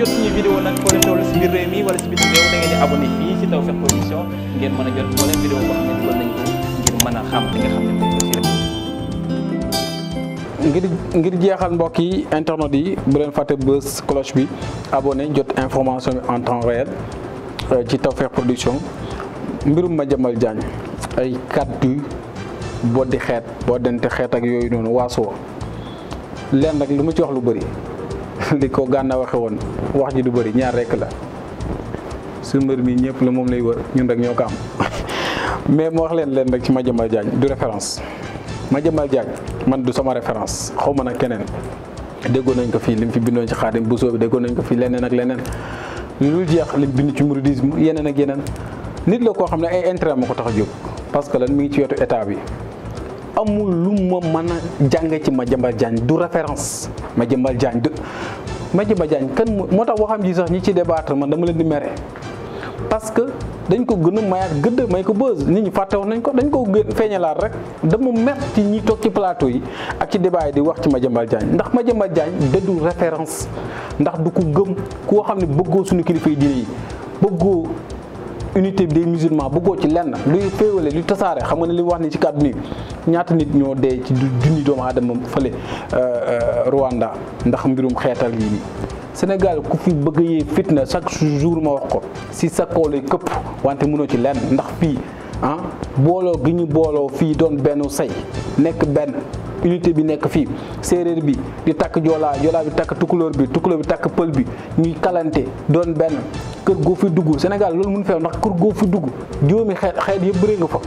jot ngeen mën a jot moo ngir mën a xam ngir jeexal mbokk yi internet yi bu leen fàtte bës cloche bi abonné jot information bi en temps réel euh, ci Tawfekh Production mbirum Madiambal Diagne ay kàddu boddi xeet boddante xeet ak yooyu noonu waaso leen rek lu ma ci wax lu bari li ko gànna waxe woon wax ji du bari ñaar rek la su mbër mi ñëpp la moom lay wër ñun rek ñoo ko am mais mu wax leen leen rek ci Madiambal Diagne du référence Madiambal Diagne man du sama référence xaw ma nag keneen déggoon nañ ko fii lim fi bindoon ci xaadim bu soobi déggoon nañ ko fii leneen ak leneen lu jeex lim bind ci mouridisme yeneen ak yeneen nit la koo xam ne ay intérêt ma tax a jóg parce que lan mi ngi ci wetu état bi amul lu ma mën a jàng ci Madiambal Diagne du référence Madiambal Diagne du Madiambal Diagne kan moo tax waxam ji sax ñi ci débattre man dama leen di mere parce que dañ ko gën a mayaat gëdd may ko buzz nit ñi fàtte woon nañ ko dañ ko gën feeñalaat rek dama mer ci ñi toog ci plateau yi ak ci débat di wax ci Madiambal Diagne ndax ma Madiambal Diagne dëddu référence ndax du ko gëm koo xam ne bëggoo suñu kilifa yi diine yi bëggoo unité des musulmans bëggoo ci lenn luy féewale luy tasaare xam nga ne li wax ni ci kàddu ñaata nit ñoo dee ci junni doomu aadama fële euh, euh, Rwanda ndax mbirum xeetal yi nii Sénégal ku fi bëgg yee fitna chaque jour ma wax ko si sa kaw lay këpp wante mënoo ci lenn ndax fii ah booloo gi ñu booloo fii doon benn say nekk benn unité bi nekk fii séeréer bi di takk joolaa joolaa bi takk tukulóor bi tukulóor bi takk pël bi ñuy kalante doon benn kër goo fi dugg Sénégal loolu mun feew ndax kër goo fi dugg juróomi xeet xeet yëpp bëree nga fa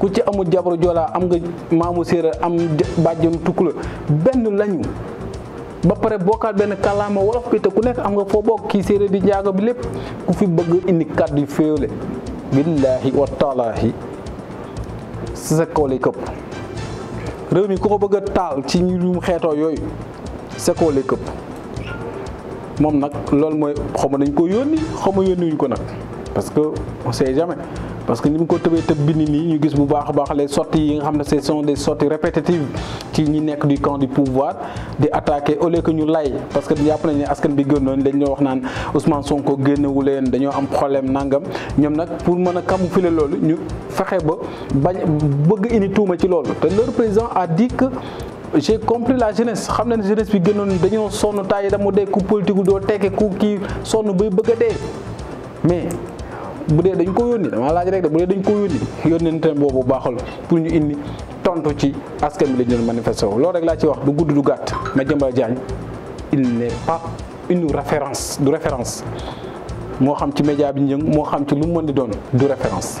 ku ci amul jabaru joola am nga maamu séeréer am bàjjam tukkula benn lañu ba pare bokkaat benn kàllaama wolof bi te ku nekk am nga foo bokk kii séeréer di njaago bi lépp ku fi bëgg indi kàddu yu féewle billaahi wa sa kaw lay këpp réew mi ku ko bëgg taal ci ñu xeetoo yooyu sa kaw lay këpp moom nag loolu mooy xaw ma dañ ko yónni xaw ma yónni wuñ ko nag parce que on jamais parce que ni mu ko tëbee tëb bi nii ñu gis bu baax a baax les sorties yi nga xam ne ce sont des sorties répétitives ci ñi nekk du camp du pouvoir di attaquer au lieu que ñu lay parce que jàpp nañ ne askan bi gënoon dañ ñoo wax naan Ousmane Sonko génnewu leen dañoo am problème nangam ñoom nag pour mën a camoufler loolu ñu fexe ba bañ bëgg indi tuuma ci loolu te leur président a dit j'ai compris la jeunesse xam na ne jeunesse bi gënoon dañoo sonn taay da mu dee ku politique doo tekke ku kii sonn bay bëgg a dee mais bu dee dañ ko yónni dama laaj rek de bu dee dañ ko yónni yónnente boobu baaxul pour ñu indi tontu ci askan bi lañ doon manifesté wu loolu rek laa ci wax du gudd du gàtt Madiambal Diagne il n'est pas une référence du référence moo xam ci média bi njëng moo xam ci lu mu mën di doon du référence